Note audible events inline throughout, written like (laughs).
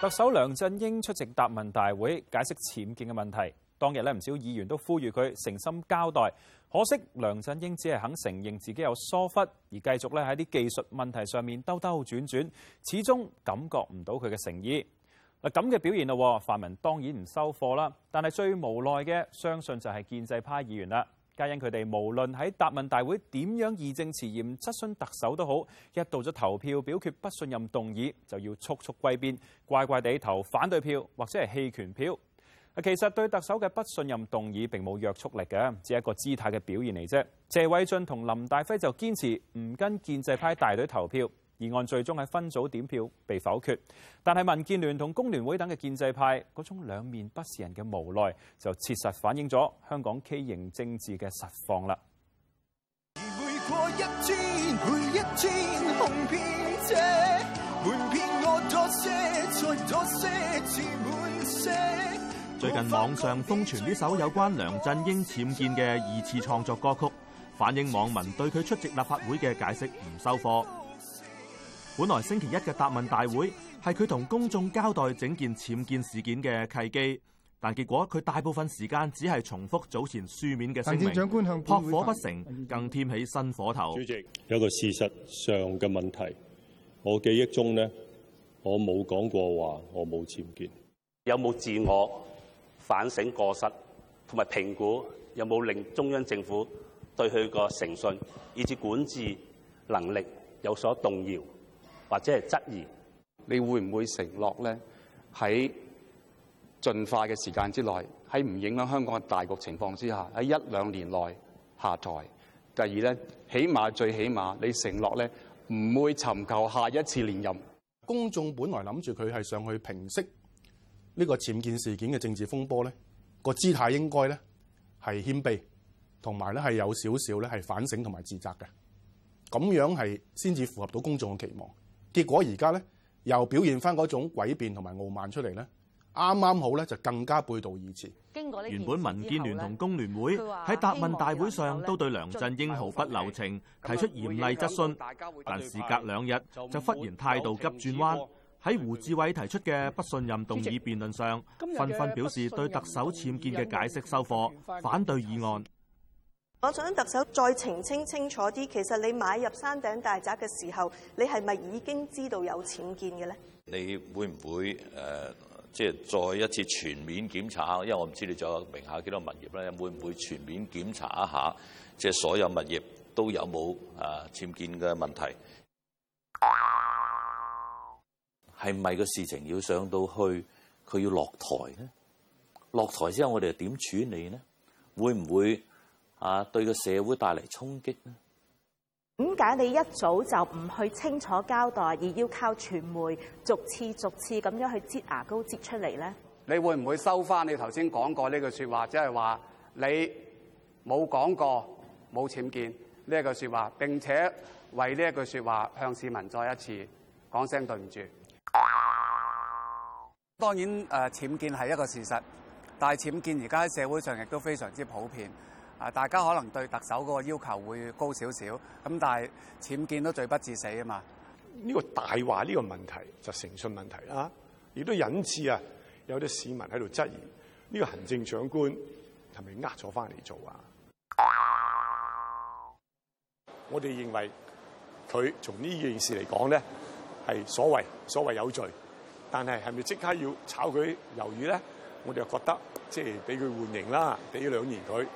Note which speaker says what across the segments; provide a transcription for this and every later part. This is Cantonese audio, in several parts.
Speaker 1: 特首梁振英出席答問大會，解釋僭建嘅問題。當日咧，唔少議員都呼籲佢誠心交代，可惜梁振英只係肯承認自己有疏忽，而繼續咧喺啲技術問題上面兜兜轉轉，始終感覺唔到佢嘅誠意。嗱，咁嘅表現啦，泛民當然唔收貨啦。但係最無奈嘅，相信就係建制派議員啦。皆因佢哋無論喺答問大會點樣義正辭嚴質詢特首都好，一到咗投票表決不信任動議就要速速歸邊，乖乖哋投反對票或者係棄權票。其實對特首嘅不信任動議並冇約束力嘅，只係一個姿態嘅表現嚟啫。謝偉俊同林大輝就堅持唔跟建制派大隊投票。議案最終喺分組點票被否決，但係民建聯同工聯會等嘅建制派嗰種兩面不是人嘅無奈，就切實反映咗香港畸形政治嘅實況啦。
Speaker 2: 最近網上瘋傳呢首有關梁振英僭建嘅二次創作歌曲，反映網民對佢出席立法會嘅解釋唔收貨。本來星期一嘅答問大會係佢同公眾交代整件僭建事件嘅契機，但結果佢大部分時間只係重複早前書面嘅聲明。行政長官向撲火不成，更添起新火頭。主席，
Speaker 1: 有一個事實
Speaker 3: 上嘅問題，我記憶中呢，我冇講過話我冇僭建。
Speaker 2: 有冇自我反省過失，同埋評估有冇令中央政府對佢個誠信，以至管治能
Speaker 3: 力有所動搖？或者係質疑，你會唔會承諾咧，喺盡快嘅時間之內，喺唔影響香港嘅大局情況之下，喺一兩年內下台。第二咧，起碼最起碼你承諾咧，唔會尋求下一次連任。公眾本來諗住佢係上去平息呢個僭建事件嘅政治風波咧，呢個姿態應該咧係謙卑，同埋咧係有少少咧係反省同埋自責嘅。咁樣係先至符合到公眾嘅期望。結果而家咧，又表現翻嗰種詭辯同埋傲慢出嚟咧。啱啱好咧，就更加背道而馳。原本民建聯同工聯會喺答問大會上都對梁振英毫不留情，提出嚴厲質詢，
Speaker 2: 但事隔兩日就忽然態度急轉彎。喺胡志偉提出嘅不信任動議辯論上，紛紛表示對特首僭建嘅解釋收貨，反對議案。
Speaker 4: 我想特首再澄清清楚啲，其實你買入山頂大宅嘅時候，你係咪已經知道有僭建嘅咧？
Speaker 2: 你會唔會誒、呃、即係再一次全面檢查？因為我唔知你仲有名下幾多物業咧，會唔會全面檢查一下，即係所有物業都有冇啊僭建嘅問題，係咪個事情要上到去佢要落台咧？落台之後，我哋又點處理咧？會唔會。啊！對個社會帶嚟衝擊咧，點
Speaker 5: 解你一早就唔去清楚交代，而要靠傳媒逐次逐次咁樣去擠牙膏擠出嚟咧？
Speaker 3: 你會唔會收翻你頭先講過呢句説話，即係話你冇講過「冇僭建」呢一句説話，並且為呢一句説話向市民再一次講聲對唔住？當然誒，僭建係一個事實，但係僭建而家喺社會上亦都非常之普遍。啊！大家可能對特首嗰個要求會高少少咁，但係僭建都罪不至死啊嘛。呢個大話呢個問題就誠信問題啦，亦都引致啊有啲市民喺度質疑呢個行政長官係咪呃咗翻嚟做啊？我哋認為佢從呢件事嚟講咧係所謂所謂有罪，但係係咪即刻要炒佢魷魚咧？我哋又覺得即係俾佢緩刑啦，俾兩年佢。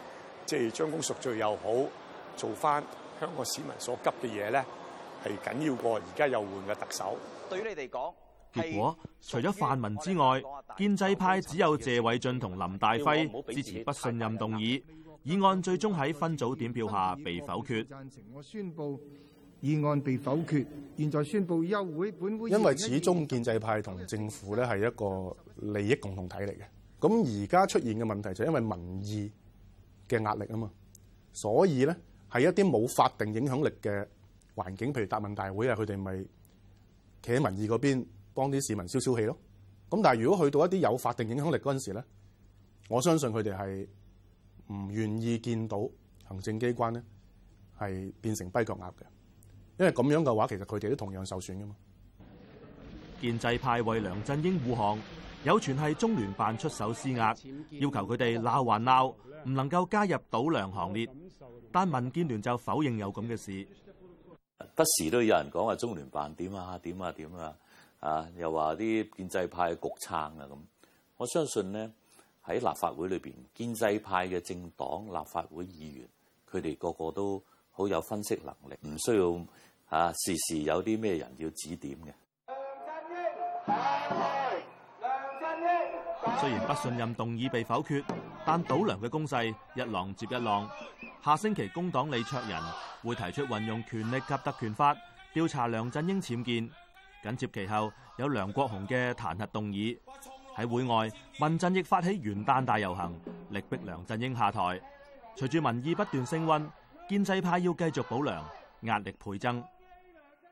Speaker 3: 即係將功贖罪又好，做翻香港市民所急嘅嘢咧，係緊要過而家又換嘅特首。對於你哋講，結果
Speaker 2: 除咗泛民之外，建制派只有謝偉俊同林大輝支持不信任動議，議案最終喺分組點票下被否決。
Speaker 6: 贊成，我宣佈議案被否決，現在宣布休會。本會因為始
Speaker 3: 終建制派同政府咧係一個利益共同體嚟嘅，咁而家出現嘅問題就係因為民意嘅壓力啊嘛，所以咧係一啲冇法定影響力嘅環境，譬如答問大會啊，佢哋咪企喺民意嗰邊幫啲市民消消氣咯。咁但係如果去到一啲有法定影響力嗰陣時咧，我相信佢哋係唔願意見到行政機關咧係變成跛腳鴨嘅，因為咁樣嘅話，其實佢哋都同樣受損噶嘛。建制
Speaker 2: 派為梁振英護航。有傳係中聯辦出手施壓，要求佢哋鬧還鬧，唔能夠加入倒梁行列。但民建聯就否認有咁嘅事。不時都有人講話中聯辦點啊點啊點啊，啊又話啲建制派局撐啊咁。我相信呢，喺立法會裏邊，建制派嘅政黨立法會議員，佢哋個個都好有分析能力，唔需要啊時時有啲咩人要指點嘅。 (music) 雖然不信任動議被否決，但倒梁嘅攻勢一浪接一浪。下星期工黨李卓人會提出運用權力及特權法調查梁振英僭建，緊接其後有梁國雄嘅彈劾動議。喺會外，民陣亦發起元旦大遊行，力逼梁振英下台。隨住民意不斷升温，建制派要繼續保梁，壓力倍增。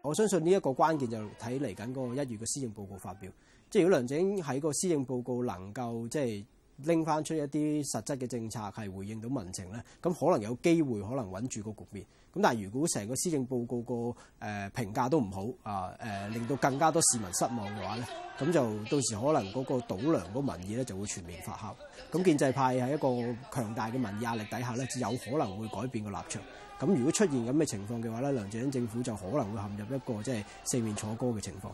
Speaker 2: 我相信呢一個關鍵就睇嚟緊嗰個一月嘅施政報告發表。即係如果梁振英喺個施政報告能夠即係拎翻出一啲實質嘅政策係回應到民情咧，咁可能有機會可能穩住個局面。咁但係如果成個施政報告個誒、呃、評價都唔好啊誒、呃，令到更加多市民失望嘅話咧，咁就到時可能嗰個倒梁個民意咧就會全面發酵。咁建制派喺一個強大嘅民意壓力底下咧，就有可能會改變個立場。咁如果出現咁嘅情況嘅話咧，梁振英政府就可能會陷入一個即係、就是、四面楚歌嘅情況。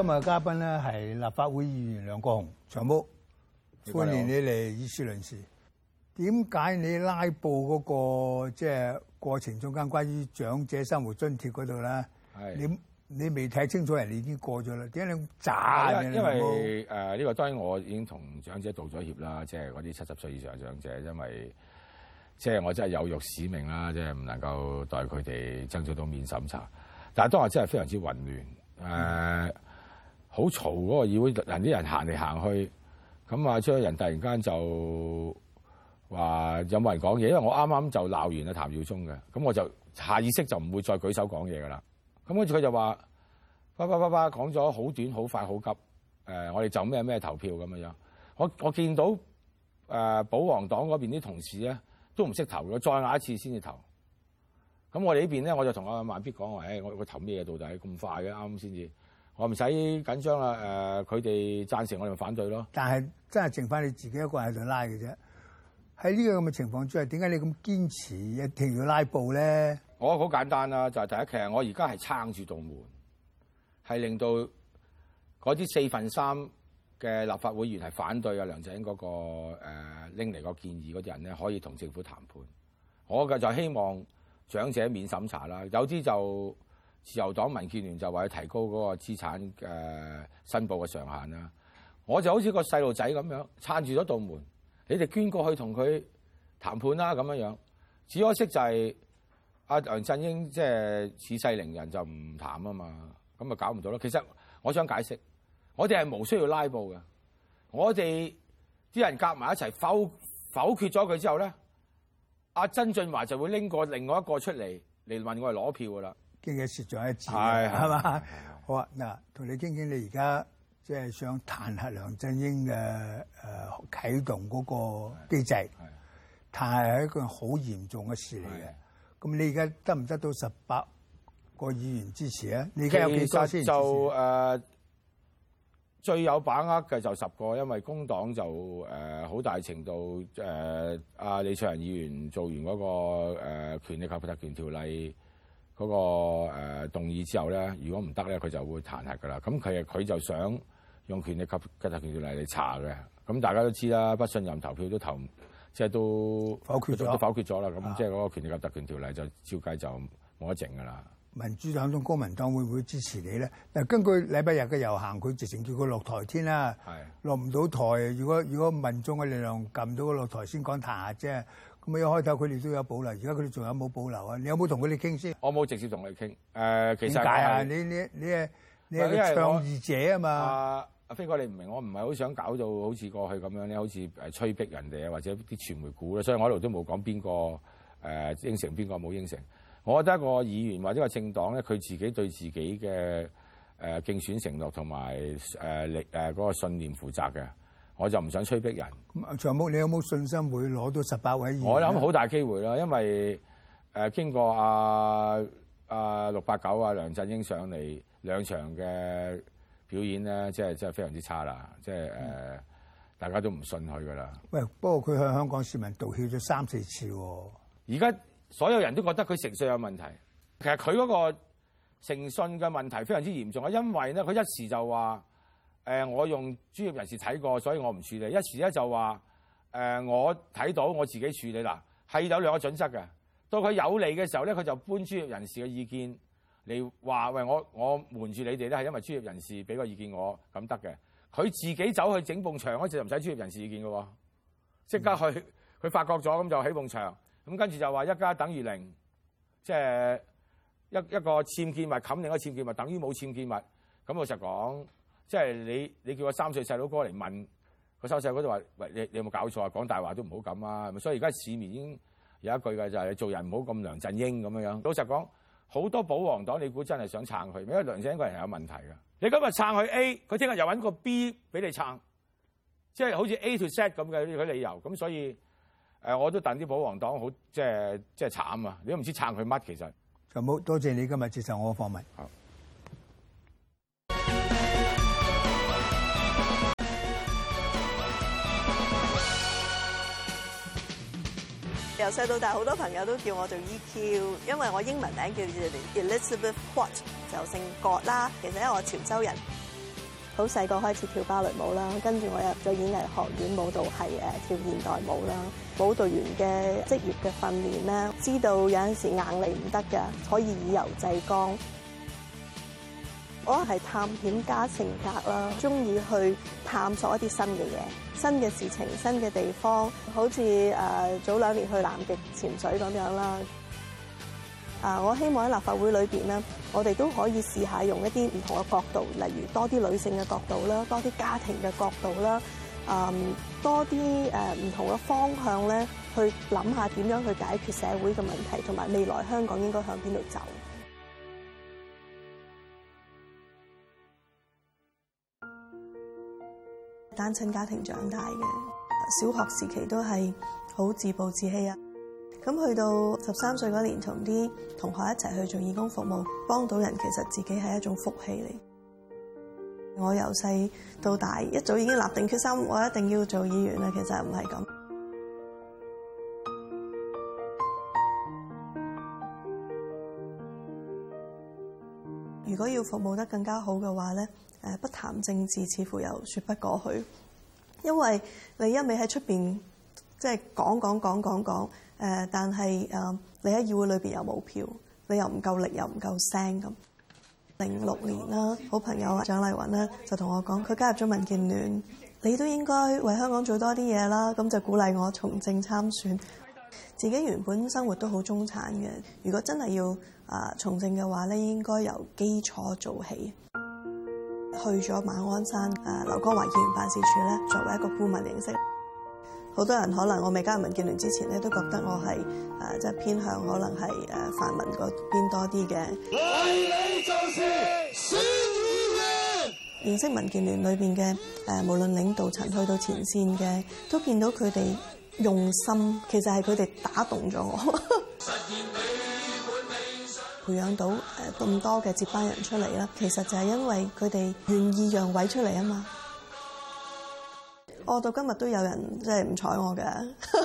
Speaker 6: 今日嘅嘉賓咧係立法會議員梁國雄長毛，歡迎你嚟《議事論事》。點解你拉布嗰、那個即係、就是、過程中間關於長者生活津貼嗰度咧？你你未睇清楚，人哋已經過咗啦。點解你咁渣嘅？因為
Speaker 7: 誒呢、呃這個當然，我已經同長者道咗歉啦。即係嗰啲七十歲以上嘅長者，因為即係、就是、我真係有辱使命啦，即係唔能夠代佢哋爭取到免審查。但係當日真係非常之混亂誒。呃嗯好嘈嗰個議會，人啲人行嚟行去，咁啊，將人突然間就話有冇人講嘢？因為我啱啱就鬧完啊，譚耀宗嘅，咁我就下意識就唔會再舉手講嘢噶啦。咁跟住佢就話，叭叭叭叭，講咗好短、好快、好急。誒，我哋就咩咩投票咁樣。我我見到誒保皇黨嗰邊啲同事咧，都唔識投嘅，再嗌一次先至投。咁我哋呢邊咧、哎，我就同阿萬必講話，誒，我我投咩嘢到底？咁快嘅，啱先至。我唔使緊張啦，誒、呃，佢哋
Speaker 6: 贊成我哋咪反對咯。但係真係剩返你自己一個人喺度拉嘅啫。喺呢個咁嘅情況之下，點解你咁堅持一定要拉布咧？
Speaker 7: 我好簡單啦、啊，就係、是、第一期，其實我而家係撐住道門，係令到嗰啲四分三嘅立法會議員係反對啊梁振英嗰、那個拎嚟個建議嗰啲人咧，可以同政府談判。我嘅就希望長者免審查啦，有啲就。自由黨、民建聯就話要提高嗰個資產嘅申報嘅上限啦。我就好似個細路仔咁樣撐住咗道門，你哋捐過去同佢談判啦，咁樣樣只可惜就係、是、阿梁振英即係恃勢凌人，就唔談啊嘛，咁就搞唔到啦。其實我想解釋，我哋係冇需要拉布嘅，我哋啲人夾埋一齊否否決咗佢之後咧，阿、啊、曾俊華就會拎過另外一個出嚟嚟問我係攞票噶啦。
Speaker 6: 經已攝咗一次，係、哎、嘛？好啊，嗱，同你傾傾，你而家即係想彈劾梁振英嘅誒、呃、啟動嗰個機制，彈係一個好嚴重嘅事嚟嘅。咁你而家得唔得到十八個議員支持咧？你而家有幾多先？就
Speaker 7: 誒、呃，最有把握嘅就十個，因為工黨就誒好、呃、大程度誒，阿、呃啊、李卓人議員做完嗰、那個誒、呃《權力及特權條例》。嗰、那個誒、呃、動議之後咧，如果唔得咧，佢就會彈劾㗎啦。咁其實佢就想用權力及特權條例嚟查嘅。咁大家都知啦，不信任投票都投，即係都，都，都否決咗。否決咗啦。咁即係嗰個權力及特權條例就照計、啊、就冇得整㗎啦。
Speaker 6: 民主黨同公民黨會唔會支持你咧？根據禮拜日嘅遊行，佢直情叫佢落台添啦。係落唔到台。如果如果民眾嘅力量撳到佢落台，先講彈劾，啫。咁一開頭佢哋都有保留，而家佢哋仲有冇保留啊？你有冇同佢哋傾先？
Speaker 7: 我冇直接同佢哋傾。誒、呃，其實點解啊？你
Speaker 6: 你你誒，你係個倡議者啊嘛。
Speaker 7: 阿飛哥你，你唔明，我唔係好想搞到好似過去咁樣咧，好似誒催逼人哋啊，或者啲傳媒股啦，所以我一路都冇講邊個誒應承邊個冇應承。我覺得一個議員或者一個政黨咧，佢自己對自己嘅誒、呃、競選承諾同埋誒力誒嗰個信念負責嘅。我就唔想催逼人。
Speaker 6: 長毛，你有冇信心會攞到十八位議員？我諗好
Speaker 7: 大機會啦，因為誒、呃、經過阿阿、呃呃、六八九啊、梁振英上嚟兩場嘅表演咧，即係真係非常之差啦，即係誒、呃嗯、大家都唔信佢噶啦。
Speaker 6: 喂，不過佢向香港市民道歉咗三四次喎，
Speaker 7: 啊。而家所有人都覺得佢誠信有問題，其實佢嗰個誠信嘅問題非常之嚴重啊，因為咧佢一時就話。誒，我用專業人士睇過，所以我唔處理。一時咧就話誒、呃，我睇到我自己處理嗱，係有兩個準則嘅。到佢有利嘅時候咧，佢就搬專業人士嘅意見嚟話喂，我我瞞住你哋咧，係因為專業人士俾個意見我咁得嘅。佢自己走去整埲牆嗰次就唔使專業人士意見嘅喎，即刻去佢、嗯、發覺咗咁就起埲牆咁，跟住就話一加一等於零，即係一一個僭建物冚另一個僭建物，等於冇僭建物。咁老實講。即係你，你叫我三歲細佬哥嚟問個三歲細佬哥就話：喂，你你有冇搞錯啊？講大話都唔好咁啊！所以而家市民已經有一句嘅就係：做人唔好咁梁振英咁樣樣。老實講，好多保皇黨你估真係想撐佢？因為梁振英個人係有問題㗎。你今日撐佢 A，佢聽日又揾個 B 俾你撐，即係好似 A to set 咁嘅啲理由。咁所以誒，我都戥啲保皇黨好，即係即係慘啊！你都唔知撐佢乜其實。
Speaker 6: 咁好，多謝你今日接受我嘅訪問。
Speaker 4: 由細到大好多朋友都叫我做 E.Q.，因為我英文名叫 Elizabeth Quat，就姓葛啦。其實因為我潮州人，好細個開始跳芭蕾舞啦，跟住我入咗演藝學院舞蹈系跳現代舞啦。舞蹈員嘅職業嘅訓練咧，知道有陣時硬嚟唔得嘅，可以以柔制剛。我係探險家性格啦，中意去探索一啲新嘅嘢、新嘅事情、新嘅地方，好似誒早兩年去南極潛水咁樣啦。啊，我希望喺立法會裏邊咧，我哋都可以試下用一啲唔同嘅角度，例如多啲女性嘅角度啦，多啲家庭嘅角度啦，啊，多啲誒唔同嘅方向咧，去諗下點樣去解決社會嘅問題，同埋未來香港應該向邊度走。單親家庭長大嘅，小學時期都係好自暴自棄啊！咁去到十三歲嗰年，同啲同學一齊去做義工服務，幫到人，其實自己係一種福氣嚟。我由細到大一早已經立定決心，我一定要做議員啦。其實唔係咁。如果要服務得更加好嘅話呢，誒不談政治似乎又説不過去，因為你一味喺出邊面即係講講講講講，誒但係誒你喺議會裏邊又冇票，你又唔夠力又唔夠聲咁。零六年啦，好朋友啊，蔣麗芸呢，就同我講，佢加入咗民建聯，你都應該為香港做多啲嘢啦，咁就鼓勵我從政參選。自己原本生活都好中產嘅，如果真係要啊從政嘅話咧，應該由基礎做起。去咗馬鞍山啊劉江華議員辦事處咧，作為一個顧問。認識好多人可能我未加入民建聯之前咧，都覺得我係啊即係偏向可能係誒泛民嗰邊多啲嘅，就是。認識民建聯裏邊嘅誒，無論領導層去到前綫嘅，都見到佢哋。用心，其實係佢哋打動咗我，呵呵，培養到誒咁多嘅接班人出嚟啦。其實就係因為佢哋願意讓位出嚟啊嘛、嗯。我到今日都有人即係唔睬我嘅。呵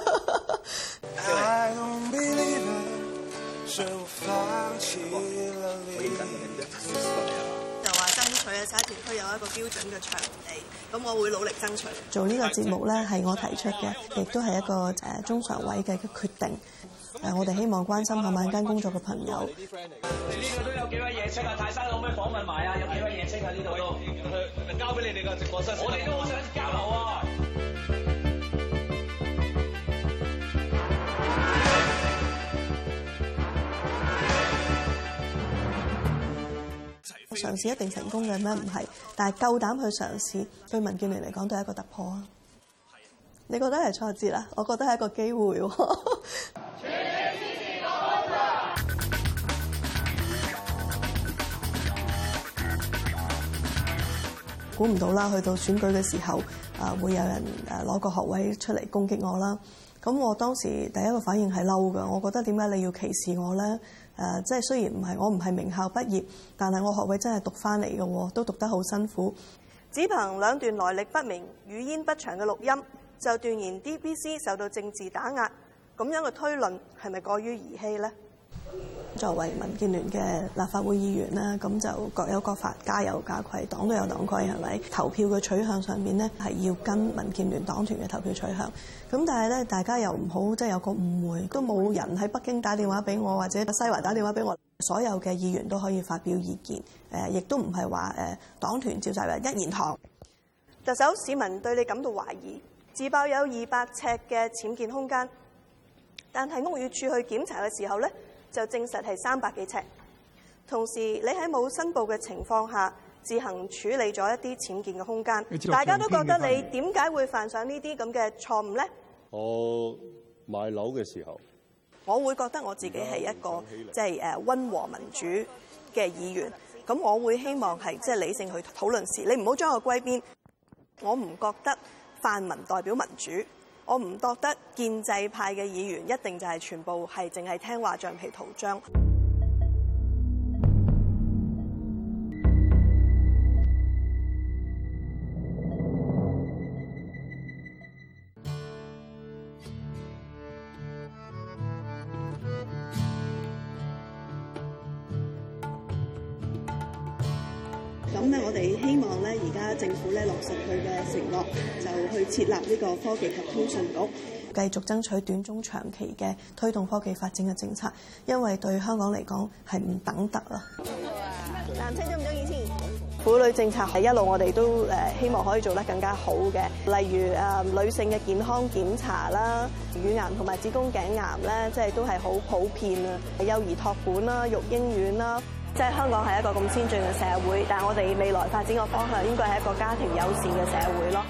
Speaker 6: 呵。
Speaker 4: 在沙田區有一個標準嘅場地，咁我會努力爭取。做呢個節目咧，係我提出嘅，亦都係一個誒中常委嘅決定。誒，我哋希望關心下晚間工作嘅朋友。呢度都有幾位夜青啊，泰
Speaker 2: 山佬可唔可以訪問埋啊？有幾位夜青喺呢度？交俾你哋嘅直播室。我哋都好想交流啊！
Speaker 4: 嘗試一定成功嘅咩？唔係，但係夠膽去嘗試，對民建聯嚟講都係一個突破啊！你覺得係挫折啦，我覺得係一個機會喎。估 (laughs) 唔到啦，去到選舉嘅時候，啊會有人攞個學位出嚟攻擊我啦。咁我當時第一個反應係嬲㗎，我覺得點解你要歧視我咧？誒、呃，即係雖然唔係我唔係名校畢業，但係我學位真係讀翻嚟嘅，都讀得好辛苦。只憑兩段來歷不明、語焉不詳嘅錄音，就斷言 DBC 受到政治打壓，咁樣嘅推論係咪過於兒戲咧？作為民建聯嘅立法會議員啦，咁就各有各法，家有家規，黨都有黨規，係咪投票嘅取向上面咧，係要跟民建聯黨團嘅投票取向。咁但係咧，大家又唔好即係、就是、有個誤會，都冇人喺北京打電話俾我，或者西環打電話俾我。所有嘅議員都可以發表意見，誒，亦都唔係話誒黨團召集人一言堂。特首，市民對你感到懷疑，自爆有二百尺嘅僭建空間，但係屋宇署去檢查嘅時候咧。就證實係三百幾尺，同時你喺冇申報嘅情況下自行處理咗一啲僭建嘅空間，大家都覺得你點解會犯上呢啲咁嘅錯誤咧？
Speaker 2: 我買樓嘅時
Speaker 4: 候，我會覺得我自己係一個即係誒温和民主嘅議員，咁我會希望係即係理性去討論事，你唔好將我歸邊。我唔覺得泛民代表民主。我唔覺得建制派嘅議員一定就係全部係淨係聽話橡皮圖章。設立呢個科技及通訊局，繼續爭取短中長期嘅推動科技發展嘅政策，因為對香港嚟講係唔等得啦。男青中唔中意先？婦女政策係一路我哋都誒希望可以做得更加好嘅，例如誒女性嘅健康檢查啦、乳癌同埋子宮頸癌咧，即係都係好普遍啊。幼兒托管啦、育嬰院啦，即係香港係一個咁先進嘅社會，但係我哋未來發展嘅方向應該係一個家庭友善嘅社會咯。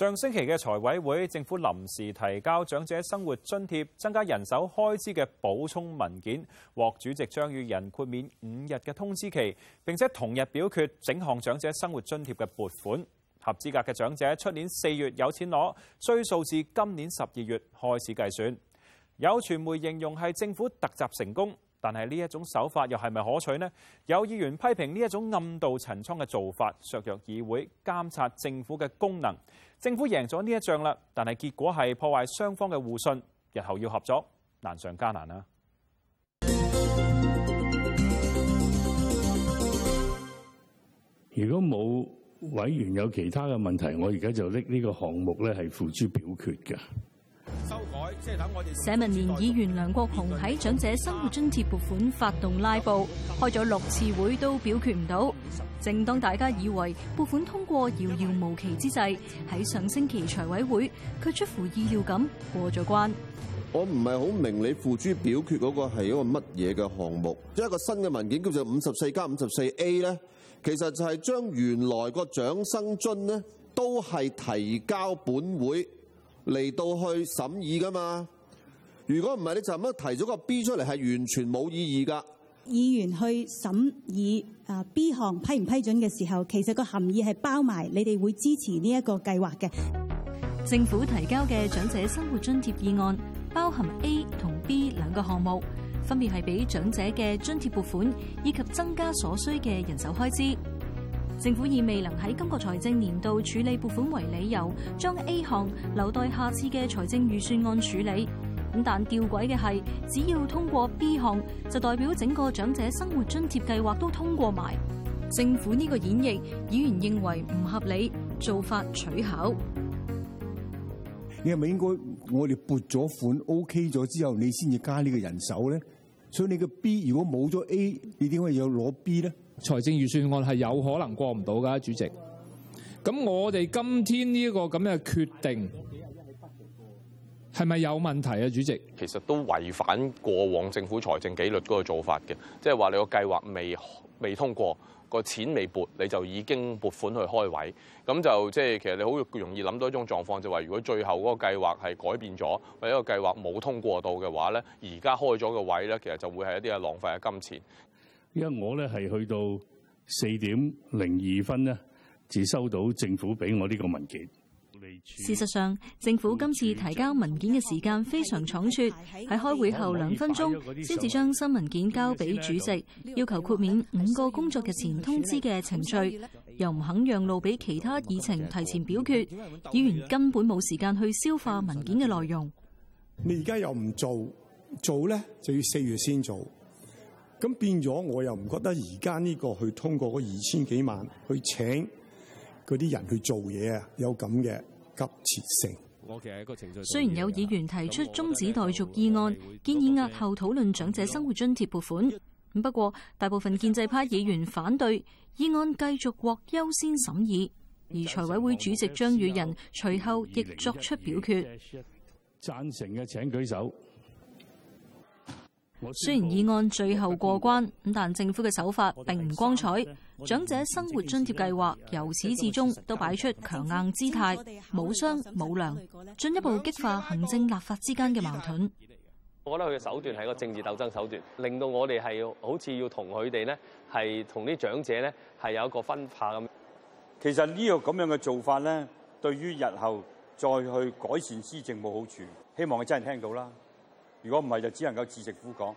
Speaker 1: 上星期嘅財委會政府臨時提交長者生活津貼增加人手開支嘅補充文件，獲主席張宇人豁免五日嘅通知期，並且同日表決整項長者生活津貼嘅撥款。合資格嘅長者出年四月有錢攞，追溯至今年十二月開始計算。有傳媒形容係政府突襲成功。但係呢一種手法又係咪可取呢？有議員批評呢一種暗度陳倉嘅做法削弱議會監察政府嘅功能。政府贏咗呢一仗啦，但係結果係破壞雙方嘅互信，日後要合作難上加難啦、
Speaker 2: 啊。如果冇委員有其他嘅問題，我而家就拎呢個項目咧係付諸表決嘅。
Speaker 5: 社民連議員梁國雄喺長者生活津貼撥款發動拉布，開咗六次會都表決唔到。正當大家以為撥款通過遙遙無期之際，喺上星期財委會，佢出乎意料咁過咗關。
Speaker 2: 我唔係好明你付諸表決嗰個係一個乜嘢嘅項目？一個新嘅文件叫做五十四加五十四 A 咧，其實就係將原來個長生津呢都係提交本會。嚟到去審議㗎嘛？如果唔係，你就乜提咗個 B 出嚟係完全冇意義㗎。
Speaker 5: 議員去審議啊 B 項批唔批准嘅時候，其實個含義係包埋你哋會支持呢一個計劃嘅。政府提交嘅長者生活津貼議案包含 A 同 B 兩個項目，分別係俾長者嘅津貼撥款以及增加所需嘅人手開支。政府以未能喺今個財政年度處理撥款為理由，將 A 項留待下次嘅財政預算案處理。咁但吊詭嘅係，只要通過 B 項，就代表整個長者生活津貼計劃都通過埋。政府呢個演繹，議員認為唔合理，做法取巧。
Speaker 6: 你係咪應該我哋撥咗款 OK 咗之
Speaker 3: 後，你先至加呢個人手咧？所以你個 B 如果冇咗 A，你點解要攞 B 咧？財政預算案係有可能過唔到㗎，主席。
Speaker 7: 咁我哋今天呢個咁嘅決定係咪有問題啊？主席
Speaker 3: 其實都違反過往政府財政紀律嗰個做法嘅，即係話你個計劃未未通過，個錢未撥，你就已經撥款去開位，咁就即係其實你好容易諗到一種狀況，就話、係、如果最後嗰個計劃係改變咗，或者個計劃冇通過到嘅話咧，而家開咗個位咧，其實就會係一啲嘅浪費嘅金錢。
Speaker 2: 因為我咧係去到四點零二分呢，只收到政府俾我呢個文件。
Speaker 5: 事實上，政府今次提交文件嘅時間非常倉促，喺開會後兩分鐘先至將新文件交俾主席，要求豁免五個工作日前通知嘅程序，又唔肯讓路俾其他議程提前表決，議員根本冇時間去消化文件嘅內容。
Speaker 3: 你而家又唔做，做咧就要四月先做。咁變咗，我又唔覺得而家呢個去通過嗰二千幾萬去請嗰啲人去做嘢啊，有咁嘅急切性。
Speaker 1: 雖然有
Speaker 5: 議員提出中止待續議案，建議押後討論長者生活津貼撥款。咁不過大部分建制派議員反對議案繼續獲優先審議，而財委會主席張宇人隨後亦作出表決。
Speaker 2: 贊成嘅請舉手。
Speaker 5: 雖然議案最後過關，咁但政府嘅手法並唔光彩。長者生活津貼計劃由始至終都擺出強硬姿態，冇商冇量，進一步激化行政立法之間嘅矛盾。
Speaker 2: 我覺得佢嘅手段係個政治鬥爭手段，令到我哋係好似要同佢哋咧，係同啲長者咧，係有一個分化咁。
Speaker 1: 其實呢個咁樣嘅做法咧，
Speaker 2: 對於日後再去改善施政冇好處。希望你真係聽到啦。如果唔係就只能夠自食苦果。